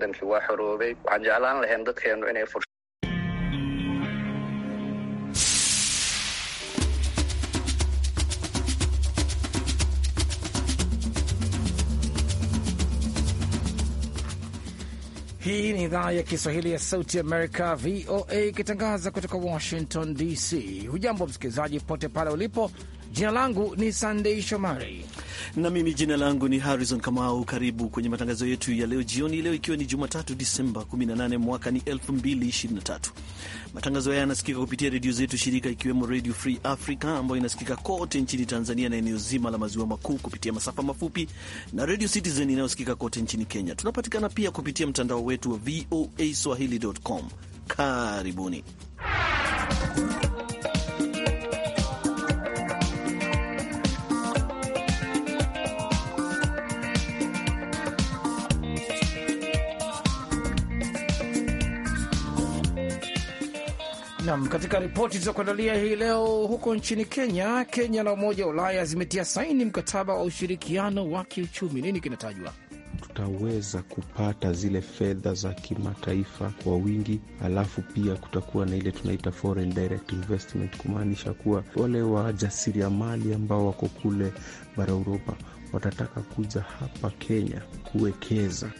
wadanki waa xoroobay waxaan jeclaan lahayn dadkeenu inay fur Hii ni idhaa ya Kiswahili ya Sauti Amerika, VOA, ikitangaza kutoka Washington DC. Hujambo msikilizaji pote pale ulipo. Jina langu ni Sandei Shomari na mimi jina langu ni Harrison Kamau. Karibu kwenye matangazo yetu ya leo jioni, leo ikiwa ni Jumatatu Disemba 18 mwaka ni 2023. Matangazo haya yanasikika kupitia redio zetu shirika, ikiwemo Radio Free Africa ambayo inasikika kote nchini Tanzania na eneo zima la maziwa makuu kupitia masafa mafupi na Radio Citizen inayosikika kote nchini Kenya. Tunapatikana pia kupitia mtandao wetu wa voa Swahili.com. Karibuni Nam, katika ripoti zilizokuandalia hii leo, huko nchini Kenya, Kenya na Umoja wa Ulaya zimetia saini mkataba wa ushirikiano wa kiuchumi. Nini kinatajwa? Tutaweza kupata zile fedha za kimataifa kwa wingi, alafu pia kutakuwa na ile tunaita foreign direct investment, kumaanisha kuwa wale wajasiriamali ambao wako kule bara Uropa watataka kuja hapa Kenya kuwekeza.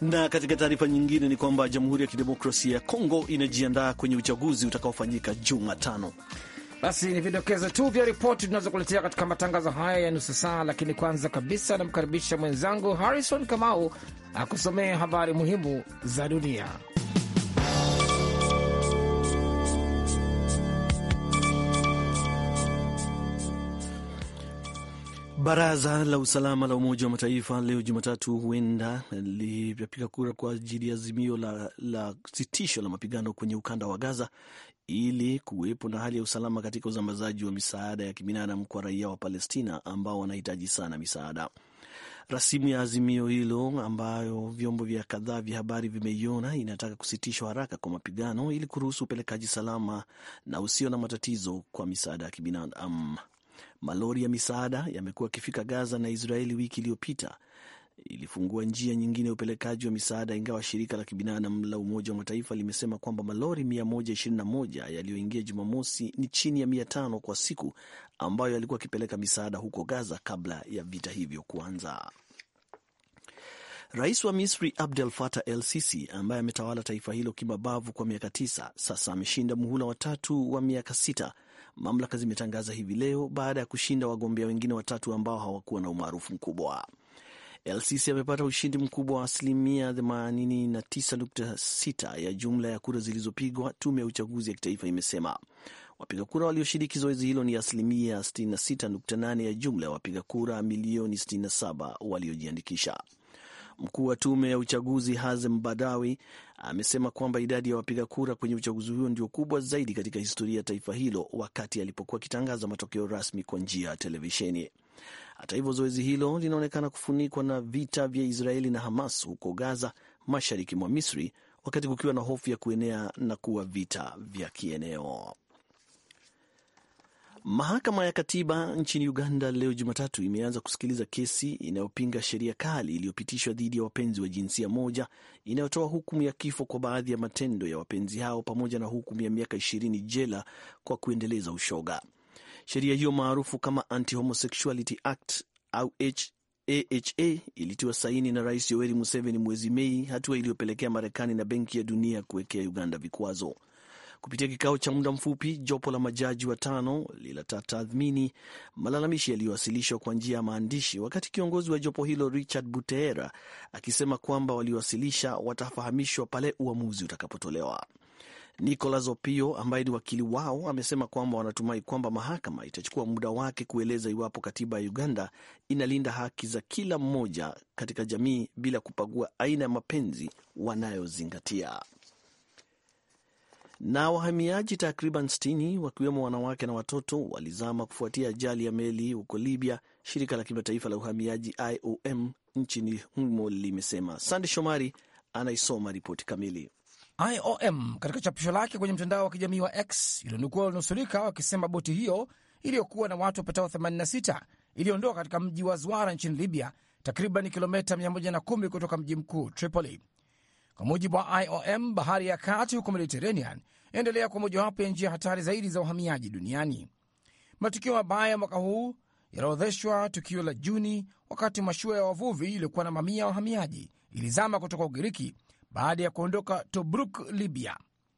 Na katika taarifa nyingine ni kwamba Jamhuri ya Kidemokrasia ya Kongo inajiandaa kwenye uchaguzi utakaofanyika Jumatano. Basi ni vidokezo tu vya ripoti tunazokuletea katika matangazo haya ya nusu saa, lakini kwanza kabisa namkaribisha mwenzangu Harrison Kamau akusomee habari muhimu za dunia. Baraza la usalama la Umoja wa Mataifa leo Jumatatu huenda lipiga kura kwa ajili ya azimio la, la sitisho la mapigano kwenye ukanda wa Gaza ili kuwepo na hali ya usalama katika usambazaji wa misaada ya kibinadamu kwa raia wa Palestina ambao wanahitaji sana misaada. Rasimu ya azimio hilo ambayo vyombo vya kadhaa vya habari vimeiona inataka kusitishwa haraka kwa mapigano ili kuruhusu upelekaji salama na usio na matatizo kwa misaada ya kibinadamu. Malori ya misaada yamekuwa yakifika Gaza na Israeli wiki iliyopita ilifungua njia nyingine ya upelekaji wa misaada, ingawa shirika la kibinadamu la Umoja wa Mataifa limesema kwamba malori 121 yaliyoingia Jumamosi ni chini ya 500 kwa siku ambayo yalikuwa akipeleka misaada huko Gaza kabla ya vita hivyo kuanza. Rais wa Misri Abdel Fattah El Sisi, ambaye ametawala taifa hilo kimabavu kwa miaka tisa sasa, ameshinda muhula watatu wa miaka sita mamlaka zimetangaza hivi leo baada ya kushinda wagombea wengine watatu ambao hawakuwa na umaarufu mkubwa. LCC amepata ushindi mkubwa wa asilimia 89.6 ya jumla ya kura zilizopigwa, tume ya uchaguzi ya kitaifa imesema. Wapiga kura walioshiriki zoezi hilo ni asilimia 66.8 ya jumla ya wapiga kura milioni 67 waliojiandikisha. Mkuu wa tume ya uchaguzi Hazem Badawi amesema kwamba idadi ya wapiga kura kwenye uchaguzi huo ndio kubwa zaidi katika historia ya taifa hilo, wakati alipokuwa akitangaza matokeo rasmi kwa njia ya televisheni. Hata hivyo, zoezi hilo linaonekana kufunikwa na vita vya Israeli na Hamas huko Gaza, mashariki mwa Misri, wakati kukiwa na hofu ya kuenea na kuwa vita vya kieneo. Mahakama ya Katiba nchini Uganda leo Jumatatu imeanza kusikiliza kesi inayopinga sheria kali iliyopitishwa dhidi ya wapenzi wa jinsia moja inayotoa hukumu ya kifo kwa baadhi ya matendo ya wapenzi hao pamoja na hukumu ya miaka ishirini jela kwa kuendeleza ushoga. Sheria hiyo maarufu kama Anti-Homosexuality Act au AHA ilitiwa saini na Rais Yoweri Museveni mwezi Mei, hatua iliyopelekea Marekani na Benki ya Dunia kuwekea Uganda vikwazo. Kupitia kikao cha muda mfupi, jopo la majaji watano litatathmini malalamishi yaliyowasilishwa kwa njia ya maandishi, wakati kiongozi wa jopo hilo Richard Buteera akisema kwamba waliowasilisha watafahamishwa pale uamuzi utakapotolewa. Nicolas Opio ambaye ni wakili wao amesema kwamba wanatumai kwamba mahakama itachukua muda wake kueleza iwapo katiba ya Uganda inalinda haki za kila mmoja katika jamii bila kupagua aina ya mapenzi wanayozingatia na wahamiaji takriban 60 wakiwemo wanawake na watoto walizama kufuatia ajali ya meli huko Libya, shirika la kimataifa la uhamiaji IOM nchini humo limesema. Sande Shomari anaisoma ripoti kamili. IOM katika chapisho lake kwenye mtandao wa kijamii wa X ilionukua walionusurika wakisema boti hiyo iliyokuwa na watu wapatao 86 iliondoka katika mji wa Zwara nchini Libya, takriban kilomita 110 kutoka mji mkuu Tripoli. Kwa mujibu wa IOM, bahari ya kati huko Mediterranean inaendelea kwa mojawapo ya njia hatari zaidi za uhamiaji duniani. Matukio mabaya mwaka huu yaliorodheshwa tukio la Juni wakati mashua ya wavuvi iliyokuwa na mamia ya wahamiaji ilizama kutoka Ugiriki baada ya kuondoka Tobruk, Libya.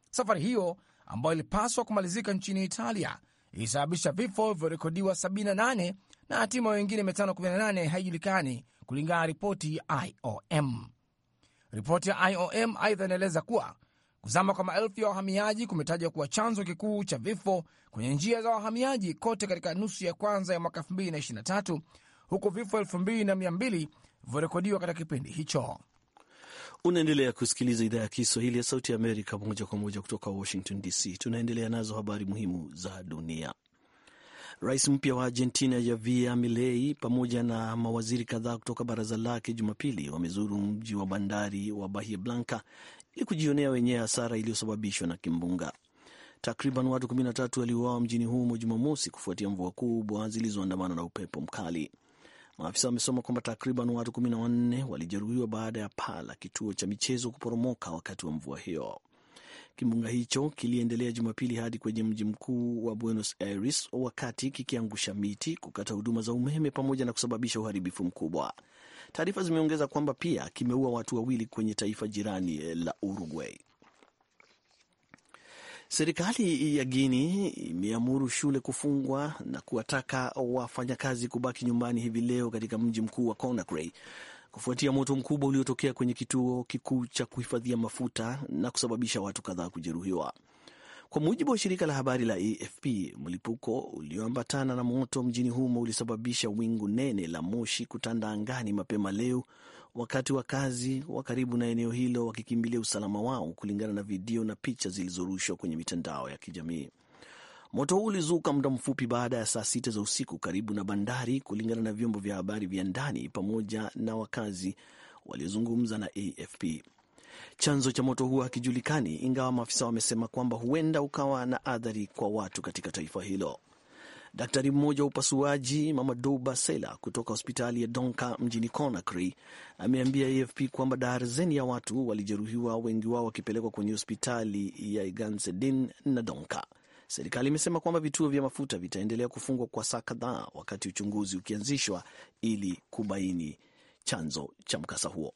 Safari hiyo ambayo ilipaswa kumalizika nchini Italia ilisababisha vifo vilivyorekodiwa 78 na hatima wengine 518 haijulikani kulingana na ripoti ya IOM. Ripoti ya IOM aidha inaeleza kuwa kuzama kwa maelfu ya wahamiaji kumetajwa kuwa chanzo kikuu cha vifo kwenye njia za wahamiaji kote katika nusu ya kwanza ya mwaka 2023 huku vifo 2200 vilivyorekodiwa katika kipindi hicho. Unaendelea kusikiliza idhaa ya Kiswahili ya Sauti ya Amerika moja kwa moja kutoka Washington DC. Tunaendelea nazo habari muhimu za dunia. Rais mpya wa Argentina Javier Milei pamoja na mawaziri kadhaa kutoka baraza lake Jumapili wamezuru mji wa bandari wa Bahia Blanca ili kujionea wenyewe hasara iliyosababishwa na kimbunga. Takriban watu 13 waliuawa mjini humo Jumamosi kufuatia mvua kubwa zilizoandamana na upepo mkali. Maafisa wamesoma kwamba takriban watu 14 walijeruhiwa baada ya paa la kituo cha michezo kuporomoka wakati wa mvua hiyo. Kimbunga hicho kiliendelea Jumapili hadi kwenye mji mkuu wa Buenos Aires, wakati kikiangusha miti, kukata huduma za umeme pamoja na kusababisha uharibifu mkubwa. Taarifa zimeongeza kwamba pia kimeua watu wawili kwenye taifa jirani la Uruguay. Serikali ya Guini imeamuru shule kufungwa na kuwataka wafanyakazi kubaki nyumbani hivi leo katika mji mkuu wa Conakry kufuatia moto mkubwa uliotokea kwenye kituo kikuu cha kuhifadhia mafuta na kusababisha watu kadhaa kujeruhiwa. Kwa mujibu wa shirika la habari la AFP, mlipuko ulioambatana na moto mjini humo ulisababisha wingu nene la moshi kutanda angani mapema leo, wakati wakazi wa karibu na eneo hilo wakikimbilia usalama wao, kulingana na video na picha zilizorushwa kwenye mitandao ya kijamii. Moto huu ulizuka muda mfupi baada ya saa sita za usiku karibu na bandari, kulingana na vyombo vya habari vya ndani pamoja na wakazi waliozungumza na AFP. Chanzo cha moto huo hakijulikani, ingawa maafisa wamesema kwamba huenda ukawa na athari kwa watu katika taifa hilo. Daktari mmoja wa upasuaji Mamadou Basela kutoka hospitali ya Donka mjini Conakry ameambia AFP kwamba darzeni ya watu walijeruhiwa, wengi wao wakipelekwa kwenye hospitali ya Igansedin na Donka. Serikali imesema kwamba vituo vya mafuta vitaendelea kufungwa kwa saa kadhaa wakati uchunguzi ukianzishwa ili kubaini chanzo cha mkasa huo.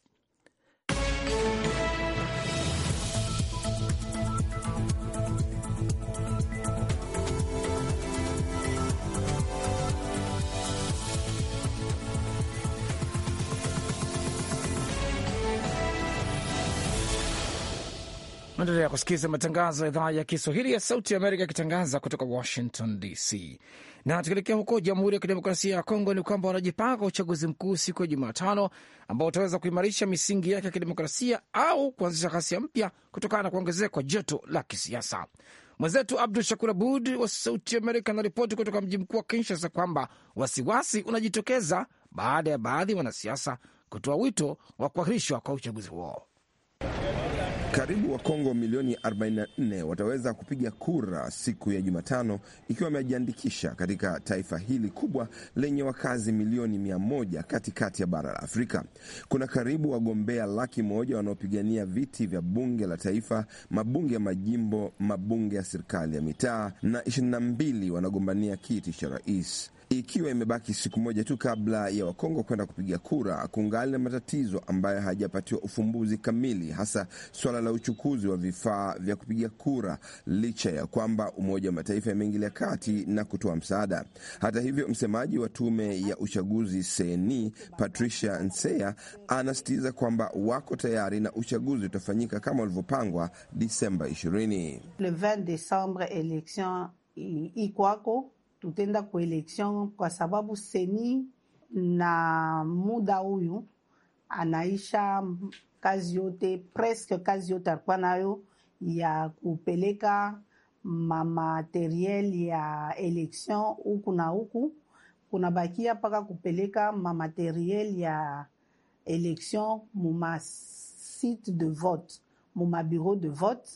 Naendelea kusikiliza matangazo ya idhaa ya Kiswahili ya Sauti ya Amerika yakitangaza kutoka Washington DC. Na tukielekea huko Jamhuri ya Kidemokrasia ya Kongo, ni kwamba wanajipanga kwa uchaguzi mkuu siku ya Jumatano ambao utaweza kuimarisha misingi yake ya kidemokrasia au kuanzisha ghasia mpya kutokana na kuongezeka kwa joto la kisiasa. Mwenzetu Abdu Shakur Abud wa Sauti Amerika anaripoti kutoka mji mkuu wa Kinshasa kwamba wasiwasi unajitokeza baada ya baadhi ya wanasiasa kutoa wito wa kuahirishwa kwa uchaguzi huo. Karibu Wakongo milioni 44 wataweza kupiga kura siku ya Jumatano ikiwa wamejiandikisha katika taifa hili kubwa lenye wakazi milioni 100 katikati ya bara la Afrika. Kuna karibu wagombea laki moja wanaopigania viti vya bunge la taifa, mabunge ya majimbo, mabunge ya serikali ya mitaa na 22 wanagombania kiti cha rais ikiwa imebaki siku moja tu kabla ya Wakongo kwenda kupiga kura, kungali na matatizo ambayo hayajapatiwa ufumbuzi kamili, hasa swala la uchukuzi wa vifaa vya kupiga kura, licha ya kwamba Umoja wa Mataifa yameingilia kati na kutoa msaada. Hata hivyo, msemaji wa tume ya uchaguzi seni Patricia Nsea anasitiza kwamba wako tayari na uchaguzi utafanyika kama ulivyopangwa Disemba 20 Le 20 election ikwako tutenda kuelektion kwa sababu seni na muda huyu anaisha kazi yote presque kazi yote alikuwa nayo ya kupeleka mamateriel ya election huku na huku, kunabakia mpaka kupeleka mamateriel ya election mumasite de vote mumabureau de vote.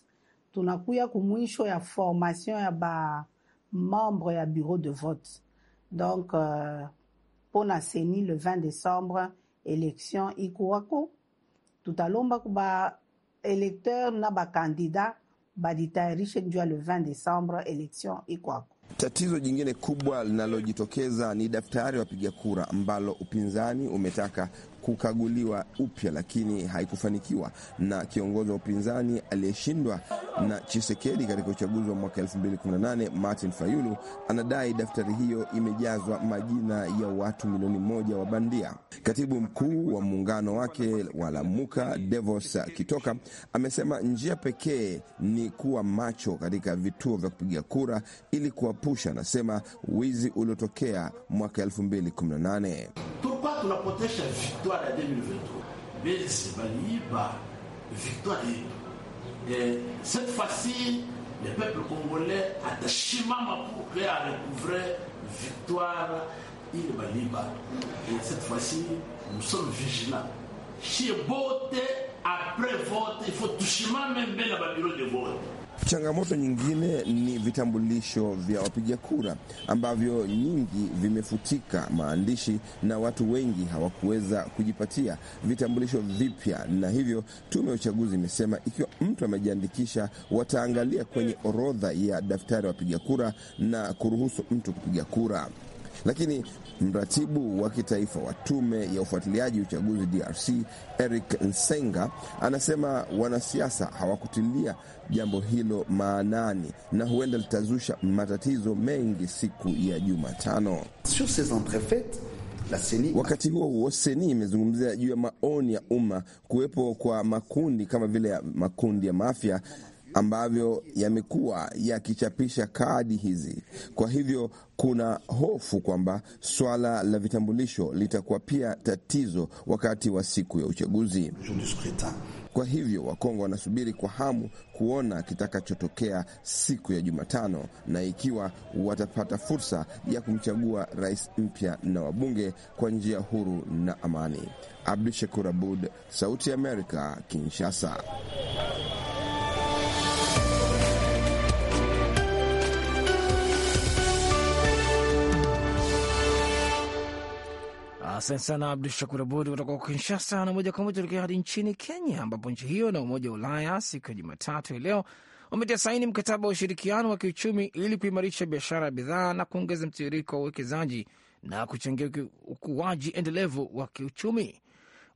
Tunakuya kumwisho ya formation ya ba membres ya bureau de vote. Donc, mpona euh, seni le 20 décembre élection ikuwako tutalombaka baélecteur na bakandida baditayarishe juu ya le 20 décembre élection ikuwako. Tatizo jingine kubwa linalojitokeza ni daftari wapiga kura ambalo upinzani umetaka kukaguliwa upya, lakini haikufanikiwa na kiongozi wa upinzani aliyeshindwa na Chisekedi katika uchaguzi wa mwaka 2018 Martin Fayulu anadai daftari hiyo imejazwa majina ya watu milioni moja wa bandia. Katibu mkuu wa muungano wake wa Lamuka Devos Kitoka amesema njia pekee ni kuwa macho katika vituo vya kupiga kura ili kuwapusha, anasema wizi uliotokea mwaka 2018. la victoire ya 2023 c'est baliiba victoire Et cette fois-ci le peuple congolais a pour que a victoire ile baliiba. Et cette fois-ci nous sommes vigilants. Chez beauté après vote, il faut même mbele ba bureau de vote Changamoto nyingine ni vitambulisho vya wapiga kura ambavyo nyingi vimefutika maandishi na watu wengi hawakuweza kujipatia vitambulisho vipya, na hivyo tume ya uchaguzi imesema ikiwa mtu amejiandikisha, wataangalia kwenye orodha ya daftari ya wapiga kura na kuruhusu mtu kupiga kura. Lakini mratibu wa kitaifa wa tume ya ufuatiliaji uchaguzi DRC Eric Nsenga anasema wanasiasa hawakutilia jambo hilo maanani na huenda litazusha matatizo mengi siku ya Jumatano. Wakati huo huo, Seni imezungumzia juu ya maoni ya umma kuwepo kwa makundi kama vile makundi ya mafia ambavyo yamekuwa yakichapisha kadi hizi. Kwa hivyo kuna hofu kwamba swala la vitambulisho litakuwa pia tatizo wakati wa siku ya uchaguzi. Kwa hivyo Wakongo wanasubiri kwa hamu kuona kitakachotokea siku ya Jumatano na ikiwa watapata fursa ya kumchagua rais mpya na wabunge kwa njia huru na amani. Abdu Shakur Abud, Sauti ya Amerika, Kinshasa. Asante sana Abdu Shakur Abud kutoka Kinshasa. Na moja kwa moja tukia hadi nchini Kenya, ambapo nchi hiyo na Umoja wa Ulaya siku ya Jumatatu ya leo wametia saini mkataba wa ushirikiano wa kiuchumi ili kuimarisha biashara ya bidhaa na kuongeza mtiririko wa uwekezaji na kuchangia ukuaji endelevu wa kiuchumi.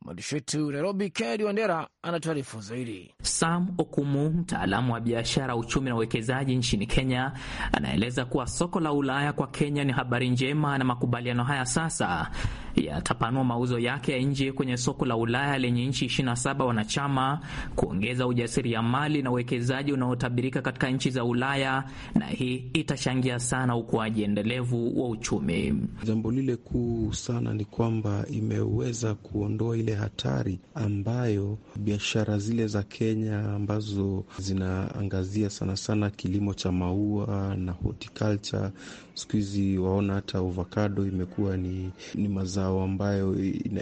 Mwandishi wetu Nairobi, Kennedy Wandera anatuarifu zaidi. Sam Okumu, mtaalamu wa biashara, uchumi na uwekezaji nchini Kenya, anaeleza kuwa soko la Ulaya kwa Kenya ni habari njema na makubaliano haya sasa yatapanua mauzo yake ya nje kwenye soko la Ulaya lenye nchi 27 wanachama, kuongeza ujasiriamali na uwekezaji unaotabirika katika nchi za Ulaya, na hii itachangia sana ukuaji endelevu wa uchumi. Jambo lile kuu sana ni kwamba imeweza kuondoa ile hatari ambayo biashara zile za Kenya ambazo zinaangazia sana sana kilimo cha maua na horticulture, siku hizi waona hata avocado imekuwa ni, ni mazao mazao ambayo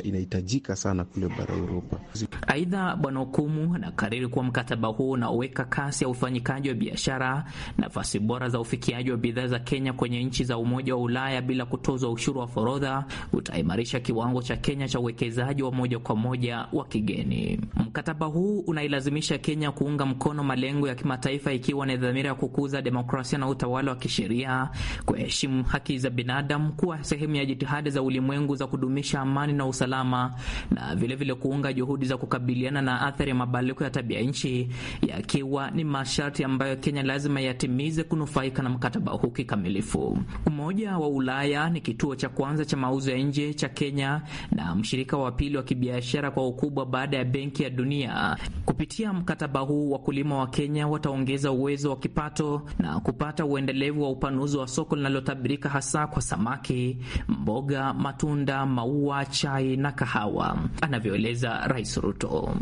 inahitajika sana kule bara Europa. Aidha, Bwana Okumu anakariri kuwa mkataba huu unaoweka kasi ya ufanyikaji wa biashara, nafasi bora za ufikiaji wa bidhaa za Kenya kwenye nchi za Umoja wa Ulaya bila kutozwa ushuru wa forodha utaimarisha kiwango cha Kenya cha uwekezaji wa moja kwa moja wa kigeni. Mkataba huu unailazimisha Kenya kuunga mkono malengo ya kimataifa ikiwa ni dhamira ya kukuza demokrasia na utawala wa kisheria, kuheshimu haki za binadamu, kuwa sehemu ya jitihada za ulimwengu za kudumisha amani na usalama na vilevile vile kuunga juhudi za kukabiliana na athari ya mabadiliko ya tabia nchi, yakiwa ni masharti ambayo Kenya lazima yatimize kunufaika na mkataba huu kikamilifu. Umoja wa Ulaya ni kituo cha kwanza cha mauzo ya nje cha Kenya na mshirika wa pili wa kibiashara kwa ukubwa baada ya Benki ya Dunia. Kupitia mkataba huu, wakulima wa Kenya wataongeza uwezo wa kipato na kupata uendelevu wa upanuzi wa soko linalotabirika hasa kwa samaki, mboga, matunda maua, chai na kahawa, anavyoeleza Rais Ruto.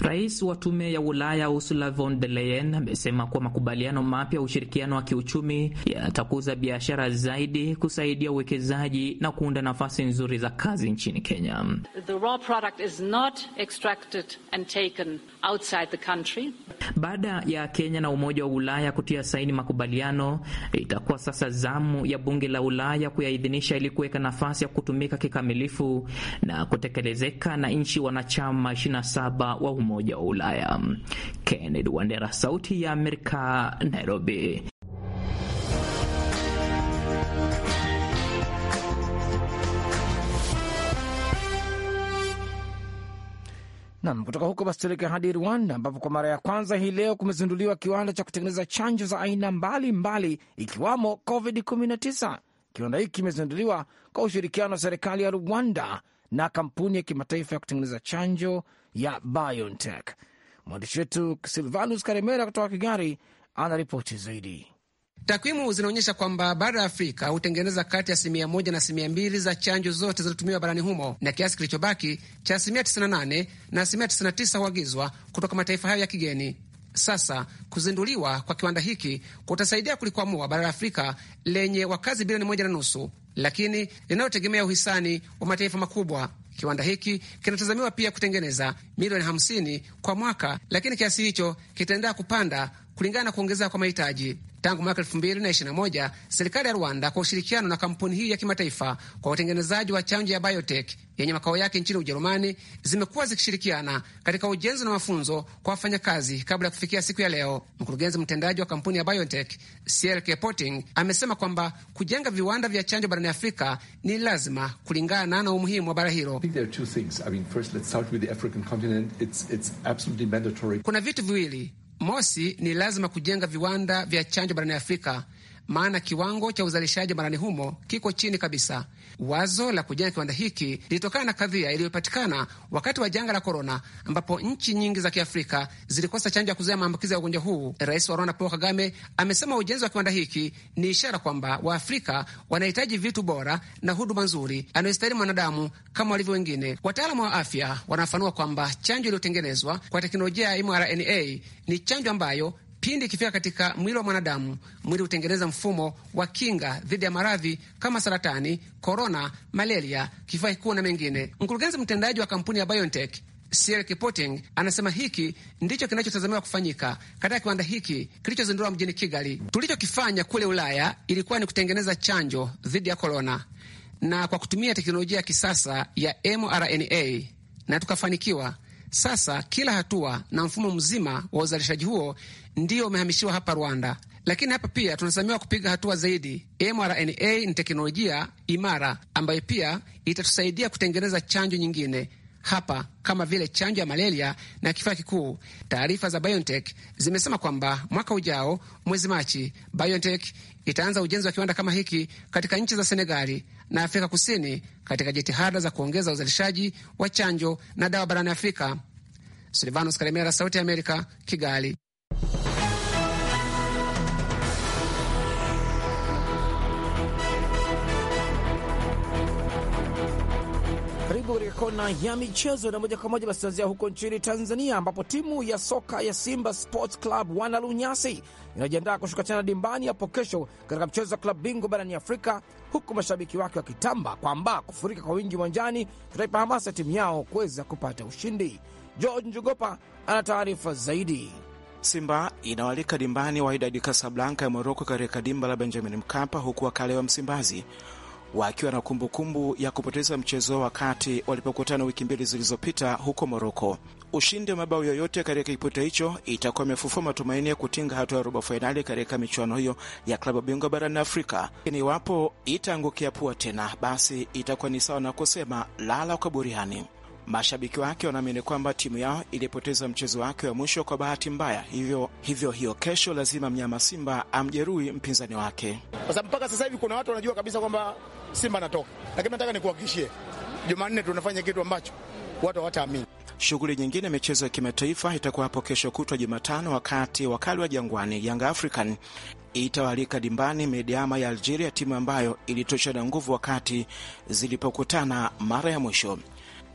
Rais wa Tume ya Ulaya Ursula von der Leyen amesema kuwa makubaliano mapya ya ushirikiano wa kiuchumi yatakuza biashara zaidi, kusaidia uwekezaji na kuunda nafasi nzuri za kazi nchini Kenya. Baada ya Kenya na Umoja wa Ulaya Ulaya kutia saini makubaliano, itakuwa sasa zamu ya bunge la Ulaya kuyaidhinisha ili kuweka nafasi ya kutumika kikamilifu na kutekelezeka na nchi wanachama 27 wa Umoja wa Ulaya. Kennedy Wandera, Sauti ya Amerika, Nairobi. Nam, kutoka huko basi tueleke hadi Rwanda, ambapo kwa mara ya kwanza hii leo kumezinduliwa kiwanda cha kutengeneza chanjo za aina mbalimbali mbali, ikiwamo COVID-19. Kiwanda hiki kimezinduliwa kwa ushirikiano wa serikali ya Rwanda na kampuni ya kimataifa ya kutengeneza chanjo ya BioNTech. Mwandishi wetu Silvanus Karemera kutoka Kigari anaripoti zaidi. Takwimu zinaonyesha kwamba bara la Afrika hutengeneza kati ya asilimia moja na asilimia mbili za chanjo zote zilizotumiwa barani humo na kiasi kilichobaki cha asilimia 98 na asilimia 99 huagizwa kutoka mataifa hayo ya kigeni. Sasa kuzinduliwa kwa kiwanda hiki kutasaidia kulikwamua bara la Afrika lenye wakazi bilioni moja na nusu, lakini linalotegemea uhisani wa mataifa makubwa. Kiwanda hiki kinatazamiwa pia kutengeneza milioni 50 kwa mwaka, lakini kiasi hicho kitaendelea kupanda kulingana na kuongezeka kwa mahitaji. Tangu mwaka elfu mbili na ishirini na moja serikali ya Rwanda kwa ushirikiano na kampuni hii ya kimataifa kwa utengenezaji wa chanjo ya biotech yenye makao yake nchini Ujerumani zimekuwa zikishirikiana katika ujenzi na mafunzo kwa wafanyakazi kabla ya kufikia siku ya leo. Mkurugenzi mtendaji wa kampuni ya biotech CLK Poting amesema kwamba kujenga viwanda vya chanjo barani Afrika ni lazima kulingana na umuhimu wa bara hilo. I mean, kuna vitu viwili Mosi, ni lazima kujenga viwanda vya chanjo barani Afrika maana kiwango cha uzalishaji barani humo kiko chini kabisa. Wazo la kujenga kiwanda hiki lilitokana na kadhia iliyopatikana wakati wa janga la korona, ambapo nchi nyingi za Kiafrika zilikosa chanjo ya kuzuia maambukizi ya ugonjwa huu. Rais wa Rwanda Paul Kagame amesema ujenzi wa kiwanda hiki ni ishara kwamba Waafrika wanahitaji vitu bora na huduma nzuri anayostahili mwanadamu kama walivyo wengine. Wataalamu wa afya wanafanua kwamba chanjo iliyotengenezwa kwa teknolojia ya mRNA ni chanjo ambayo Pindi ikifika katika mwili wa mwanadamu, mwili hutengeneza mfumo wa kinga dhidi ya maradhi kama saratani, korona, malaria, kifua kikuu na mengine. Mkurugenzi mtendaji wa kampuni ya BioNTech Sierra Kipoting anasema hiki ndicho kinachotazamiwa kufanyika katika kiwanda hiki kilichozinduliwa mjini Kigali. Tulichokifanya kule Ulaya ilikuwa ni kutengeneza chanjo dhidi ya korona na kwa kutumia teknolojia ya kisasa ya mRNA na tukafanikiwa. Sasa kila hatua na mfumo mzima wa uzalishaji huo ndio umehamishiwa hapa Rwanda, lakini hapa pia tunasamiwa kupiga hatua zaidi. mRNA ni teknolojia imara ambayo pia itatusaidia kutengeneza chanjo nyingine hapa kama vile chanjo ya malaria na kifaa kikuu. Taarifa za BioNTech zimesema kwamba mwaka ujao mwezi Machi, BioNTech itaanza ujenzi wa kiwanda kama hiki katika nchi za Senegali na Afrika Kusini katika jitihada za kuongeza uzalishaji wa chanjo na dawa barani Afrika. Silvanos Karemera, Sauti ya Amerika, Kigali. kona ya michezo, na moja kwa moja basi huko nchini Tanzania, ambapo timu ya soka ya Simba Sports Club wana lunyasi inajiandaa kushuka tena dimbani hapo kesho katika mchezo wa klabu bingwa barani Afrika, huku mashabiki wake wakitamba kwamba kufurika kwa wingi uwanjani tutaipa hamasa timu yao kuweza kupata ushindi. George Njugopa ana taarifa zaidi. Simba inawalika dimbani Wydad Kasablanka ya Moroko katika dimba la Benjamin Mkapa, huku wakale wa Msimbazi wakiwa na kumbukumbu ya kupoteza mchezo wakati walipokutana wiki mbili zilizopita huko Moroko. Ushindi wa mabao yoyote katika kipute hicho itakuwa imefufua matumaini ya kutinga hatua ya robo fainali katika michuano hiyo ya klabu bingwa barani Afrika, lakini iwapo itaangukia pua tena, basi itakuwa ni sawa na kusema lala ukaburiani. Mashabiki wake wanaamini kwamba timu yao ilipoteza mchezo wake wa mwisho kwa bahati mbaya, hivyo hivyo hiyo kesho lazima mnyama Simba amjeruhi mpinzani wake, kwa sababu mpaka sasa hivi kuna watu wanajua kabisa kwamba Simba anatoka, lakini nataka nikuhakikishie, Jumanne tunafanya kitu ambacho watu hawataamini. Shughuli nyingine michezo ya kimataifa itakuwa hapo kesho kutwa Jumatano, wakati wakali wa Jangwani Yanga African itawalika dimbani Mediama ya Algeria, timu ambayo ilitoshana nguvu wakati zilipokutana mara ya mwisho.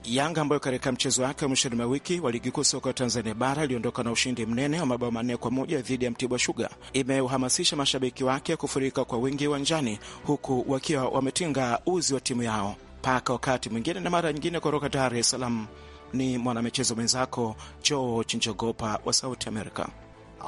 Yanga ambayo katika mchezo wake wa mwishoni mwa wiki wa ligi kuu soka ya Tanzania bara iliondoka na ushindi mnene wa mabao manne kwa moja dhidi ya Mtibwa shuga imeuhamasisha mashabiki wake kufurika kwa wingi uwanjani, huku wakiwa wametinga uzi wa timu yao mpaka wakati mwingine na mara nyingine. Kutoka Dar es Salaam ni mwanamichezo mwenzako George Njogopa wa Sauti Amerika.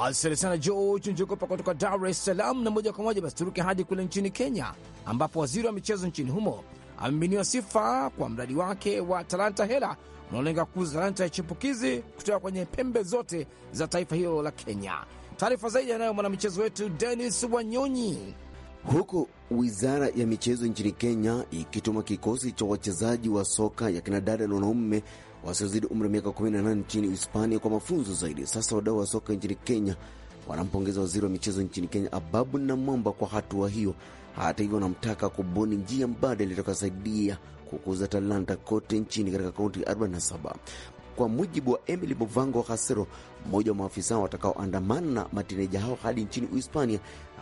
Asante sana George Njogopa kutoka Dar es Salaam. Na moja kwa moja basi turuke hadi kule nchini Kenya, ambapo waziri wa michezo nchini humo amiminiwa sifa kwa mradi wake wa Talanta Hela unaolenga kukuza talanta ya chipukizi kutoka kwenye pembe zote za taifa hilo la Kenya. Taarifa zaidi anayo mwanamichezo wetu Denis Wanyonyi. Huku wizara ya michezo nchini Kenya ikituma kikosi cha wachezaji wa soka ya kinadada na wanaume wasiozidi umri wa miaka 18 nchini Hispania kwa mafunzo zaidi. Sasa wadau wa soka nchini Kenya wanampongeza waziri wa michezo nchini Kenya Ababu Namwamba kwa hatua hiyo hata hivyo, wanamtaka kubuni njia mbadala itakayosaidia kukuza talanta kote nchini katika kaunti 47. Kwa mujibu wa Emily Bovango Hasero, mmoja wa maafisa watakaoandamana na matineja hao hadi nchini Uhispania,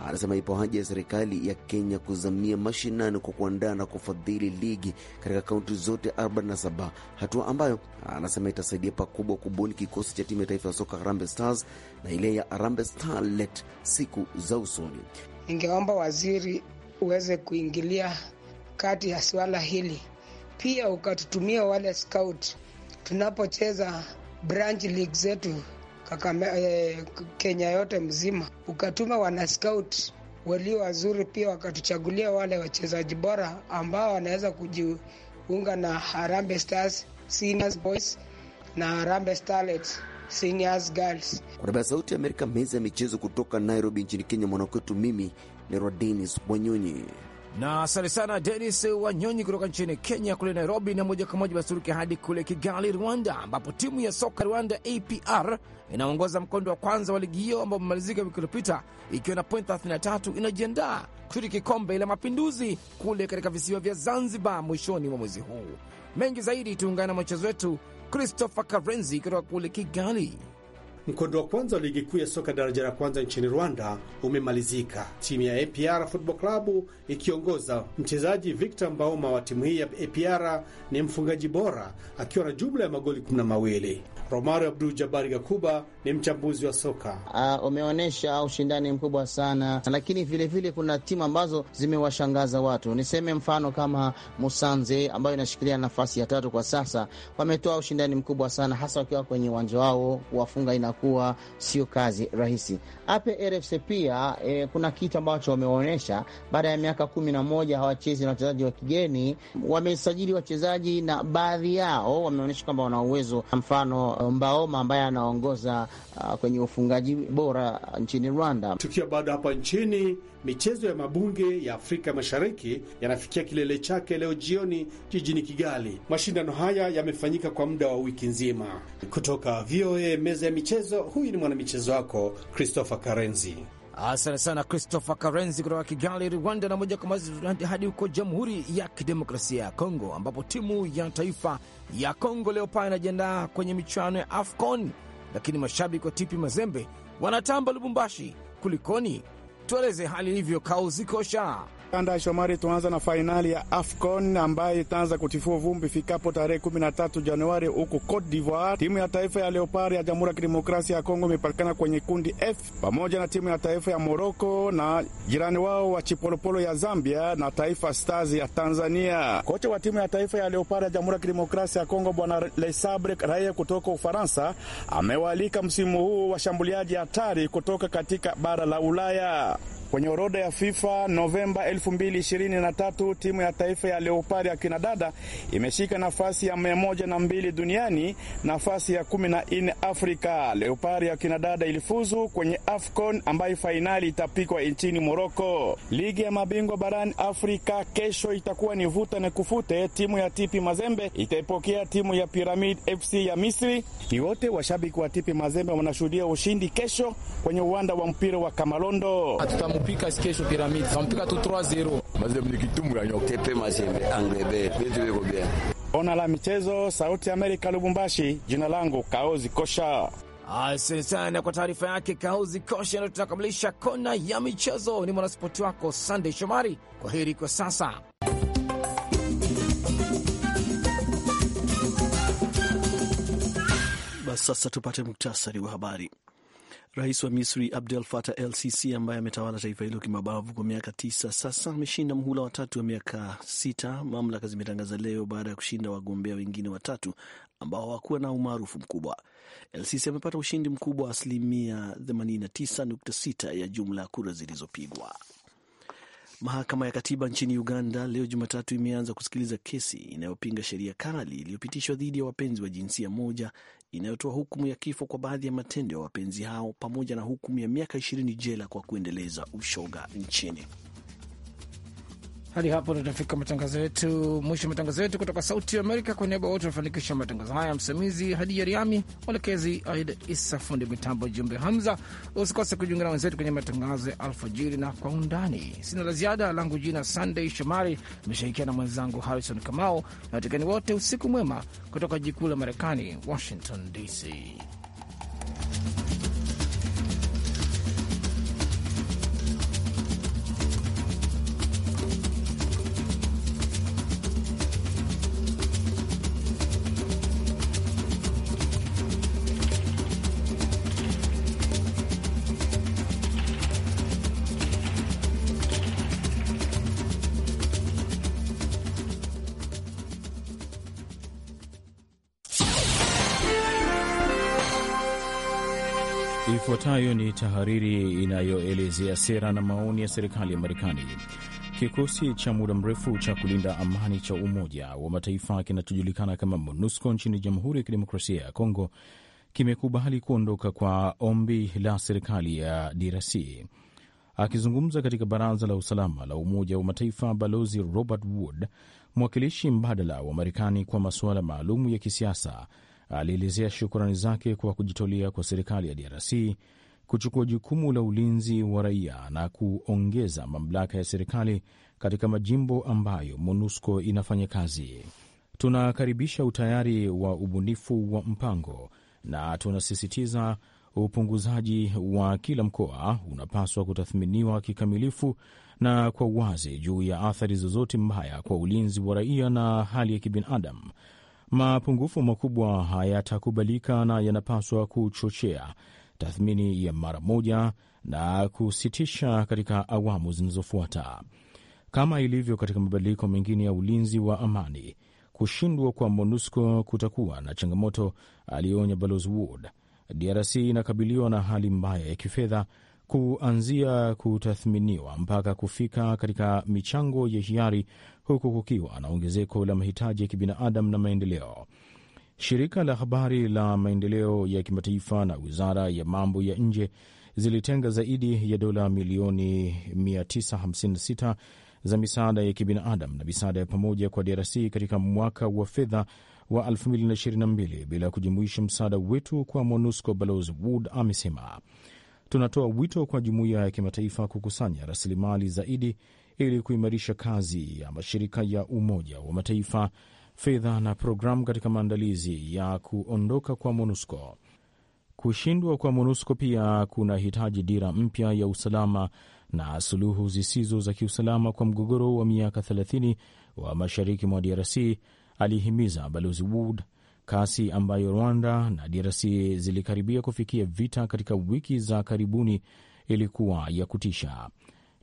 anasema ipo haja ya serikali ya Kenya kuzamia mashinani kwa kuandaa na kufadhili ligi katika kaunti zote 47, hatua ambayo anasema itasaidia pakubwa kubuni kikosi cha timu ya taifa ya soka Harambee Stars na ile ya Harambee Starlet siku za usoni. Ningeomba waziri uweze kuingilia kati ya swala hili, pia ukatutumia wale scout tunapocheza branch league zetu Kakame, eh, Kenya yote mzima, ukatuma wana scout walio wazuri, pia wakatuchagulia wale wachezaji bora ambao wanaweza kujiunga na Harambee Stars Seniors Boys na Harambee Starlets Seniors Girls. Kwa niaba ya Sauti ya Amerika, meza ya michezo kutoka Nairobi nchini Kenya, mwanakwetu mimi ni Rodenis Bwanyonyi na asante sana Denis Wanyonyi kutoka nchini Kenya kule Nairobi. Na moja kwa moja basi hadi kule Kigali, Rwanda, ambapo timu ya soka Rwanda APR inaongoza mkondo wa kwanza wa ligi hiyo ambao umemalizika wiki iliyopita ikiwa na point 33. Inajiandaa kushiriki kombe la mapinduzi kule katika visiwa vya Zanzibar mwishoni mwa mwezi huu. Mengi zaidi tuungana na mchezo wetu Christopher Karenzi kutoka kule Kigali. Mkondo wa kwanza wa ligi kuu ya soka daraja la kwanza nchini Rwanda umemalizika, timu ya APR Football Club ikiongoza. Mchezaji Victor Mbaoma wa timu hii ya APR ni mfungaji bora akiwa na jumla ya magoli mawili. Romario Abdul Jabari Gakuba ni mchambuzi wa soka. Uh, ah, umeonyesha ushindani mkubwa sana, lakini vilevile vile kuna timu ambazo zimewashangaza watu. Niseme mfano kama Musanze ambayo inashikilia nafasi ya tatu kwa sasa, wametoa ushindani mkubwa sana, hasa wakiwa kwenye uwanja wao. Kuwafunga inakuwa sio kazi rahisi. Ape RFC pia eh, kuna kitu ambacho wameonyesha baada ya miaka kumi na moja hawachezi na wachezaji wa kigeni. Wamesajili wachezaji na baadhi yao wameonyesha kwamba wana uwezo, mfano Mbaoma ambaye anaongoza uh, kwenye ufungaji bora nchini Rwanda. Tukiwa bado hapa nchini, michezo ya mabunge ya Afrika Mashariki yanafikia kilele chake leo jioni jijini Kigali. Mashindano haya yamefanyika kwa muda wa wiki nzima. Kutoka VOA meza ya michezo, huyu ni mwanamichezo wako Christopher Karenzi. Asante sana Christopher Karenzi kutoka Kigali, Rwanda. Na moja kwa moja hadi huko Jamhuri ya Kidemokrasia ya Kongo, ambapo timu ya taifa ya Kongo Leopard inajiandaa kwenye michuano ya AFCON, lakini mashabiki wa Tipi Mazembe wanatamba Lubumbashi. Kulikoni? Tueleze hali ilivyo, Kauzikosha. Kanda Shomari, tuanza na fainali ya AFCON ambayo itaanza kutifua vumbi ifikapo tarehe 13 Januari huko Cote d'Ivoire. Timu ya taifa ya Leopard ya Jamhuri ya Kidemokrasia ya Kongo imepatikana kwenye kundi F pamoja na timu ya taifa ya Moroko na jirani wao wa Chipolopolo ya Zambia na Taifa Stars ya Tanzania. Kocha wa timu ya taifa ya Leopard ya Jamhuri ya Kidemokrasia ya Kongo Bwana Lesabre raia kutoka Ufaransa amewaalika msimu huu washambuliaji hatari kutoka katika bara la Ulaya. Kwenye orodha ya FIFA Novemba 2023 timu ya taifa ya Leopard ya kinadada imeshika nafasi ya 102 duniani, nafasi ya 14 Afrika. Leopard ya kinadada ilifuzu kwenye AFCON ambayo fainali itapikwa nchini Moroko. Ligi ya mabingwa barani Afrika kesho itakuwa ni vuta na kufute. Timu ya Tipi Mazembe itaipokea timu ya Pyramid FC ya Misri. Ni wote washabiki wa Tipi Mazembe wanashuhudia ushindi kesho kwenye uwanda wa mpira wa Kamalondo. Atutamu. Tunapika kesho piramidi. Tunampika tu 3-0. Mazembe Kitumu ya nyoka. Tepe Mazembe Anglebe. Vitu viko bien. Ona la michezo, Sauti ya Amerika, Lubumbashi. Jina langu Kaozi Kosha. Asante sana kwa taarifa yake Kauzi Kosha. Na tunakamilisha kona ya michezo. Ni mwanaspoti wako Sunday Shomari. Kwa heri kwa sasa. Sasa tupate muktasari wa habari. Rais wa Misri Abdel Fattah El Sisi, ambaye ametawala taifa hilo kimabavu kwa miaka tisa sasa, ameshinda mhula watatu wa miaka sita, mamlaka zimetangaza leo, baada ya kushinda wagombea wengine watatu ambao hawakuwa na umaarufu mkubwa. El Sisi amepata ushindi mkubwa wa asilimia 89.6 ya jumla ya kura zilizopigwa. Mahakama ya katiba nchini Uganda leo Jumatatu imeanza kusikiliza kesi inayopinga sheria kali iliyopitishwa dhidi ya wapenzi wa jinsia moja inayotoa hukumu ya kifo kwa baadhi ya matendo ya wapenzi hao pamoja na hukumu ya miaka ishirini jela kwa kuendeleza ushoga nchini. Hadi hapo tutafika matangazo yetu, mwisho matangazo yetu kutoka Sauti Amerika. Kwa niaba wote wafanikisha matangazo haya, msimamizi Hadi jariami mwelekezi Aida Isa, fundi mitambo Jumbe Hamza. Usikose kujiunga na wenzetu kwenye matangazo ya alfajiri na kwa undani. Sina la ziada, langu jina sandey Shomari, imeshirikiana na mwenzangu Harrison Kamau na watikani wote, usiku mwema kutoka jikuu la Marekani, Washington DC. tahariri inayoelezea sera na maoni ya serikali ya Marekani. Kikosi cha muda mrefu cha kulinda amani cha Umoja wa Mataifa kinachojulikana kama MONUSCO nchini Jamhuri ya Kidemokrasia ya Kongo kimekubali kuondoka kwa ombi la serikali ya DRC. Akizungumza katika Baraza la Usalama la Umoja wa Mataifa, Balozi Robert Wood, mwakilishi mbadala wa Marekani kwa masuala maalum ya kisiasa, alielezea shukrani zake kwa kujitolea kwa serikali ya DRC kuchukua jukumu la ulinzi wa raia na kuongeza mamlaka ya serikali katika majimbo ambayo MONUSCO inafanya kazi. Tunakaribisha utayari wa ubunifu wa mpango na tunasisitiza upunguzaji wa kila mkoa unapaswa kutathminiwa kikamilifu na kwa uwazi juu ya athari zozote mbaya kwa ulinzi wa raia na hali ya kibinadamu. Mapungufu makubwa hayatakubalika na yanapaswa kuchochea tathmini ya mara moja na kusitisha katika awamu zinazofuata. Kama ilivyo katika mabadiliko mengine ya ulinzi wa amani, kushindwa kwa MONUSCO kutakuwa na changamoto, aliyoonya Balozi Wood. DRC inakabiliwa na hali mbaya ya kifedha kuanzia kutathminiwa mpaka kufika katika michango ya hiari, huku kukiwa na ongezeko la mahitaji ya kibinadamu na maendeleo. Shirika la habari la maendeleo ya kimataifa na wizara ya mambo ya nje zilitenga zaidi ya dola milioni 956 za misaada ya kibinadamu na misaada ya pamoja kwa DRC katika mwaka wa fedha wa 2022 bila kujumuisha msaada wetu kwa MONUSCO. Balozi Wood amesema, tunatoa wito kwa jumuiya ya kimataifa kukusanya rasilimali zaidi ili kuimarisha kazi ya mashirika ya Umoja wa Mataifa fedha na programu katika maandalizi ya kuondoka kwa MONUSCO. Kushindwa kwa MONUSCO pia kunahitaji dira mpya ya usalama na suluhu zisizo za kiusalama kwa mgogoro wa miaka 30 wa mashariki mwa DRC, alihimiza Balozi Wood, kasi ambayo Rwanda na DRC zilikaribia kufikia vita katika wiki za karibuni ilikuwa ya kutisha.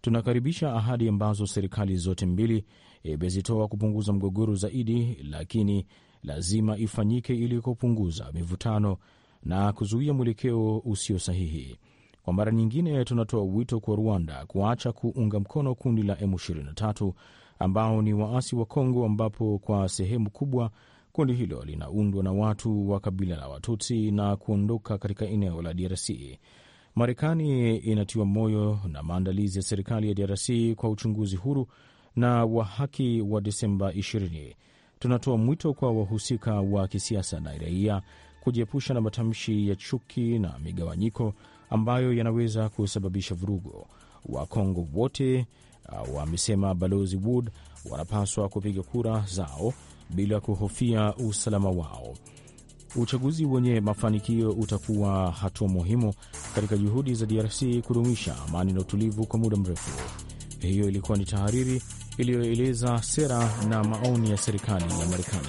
Tunakaribisha ahadi ambazo serikali zote mbili eh, imezitoa kupunguza mgogoro zaidi, lakini lazima ifanyike ili kupunguza mivutano na kuzuia mwelekeo usio sahihi. Kwa mara nyingine, tunatoa wito kwa Rwanda kuacha kuunga mkono kundi la M23 ambao ni waasi wa Kongo, ambapo kwa sehemu kubwa kundi hilo linaundwa na watu wa kabila la Watutsi na kuondoka katika eneo la DRC. Marekani inatiwa moyo na maandalizi ya serikali ya DRC kwa uchunguzi huru na wa haki wa Desemba 20. Tunatoa mwito kwa wahusika wa kisiasa na raia kujiepusha na matamshi ya chuki na migawanyiko ambayo yanaweza kusababisha vurugo. Wakongo wote, ah, wamesema Balozi Wood, wanapaswa kupiga kura zao bila kuhofia usalama wao. Uchaguzi wenye mafanikio utakuwa hatua muhimu katika juhudi za DRC kudumisha amani na utulivu kwa muda mrefu. Hiyo ilikuwa ni tahariri iliyoeleza sera na maoni ya serikali ya Marekani.